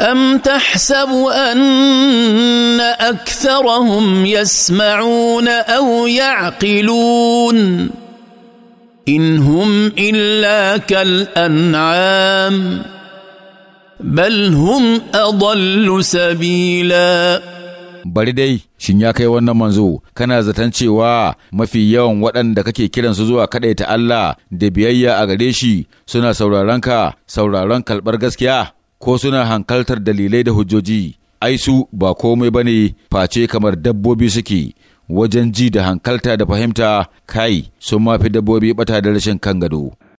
أم تحسب أن أكثرهم يسمعون أو يعقلون إن هم إلا كالأنعام بل هم أضل سبيلا bari dai shin ya kai wannan manzo kana zaton cewa mafi yawan waɗanda kake kiransu zuwa kaɗai ta Allah da biyayya a gare shi suna sauraronka sauraron kalbar gaskiya ko suna hankaltar dalilai da hujjoji ai su ba komai ba ne face kamar dabbobi suke wajen ji da hankalta da fahimta kai sun mafi dabbobi bata da rashin kan gado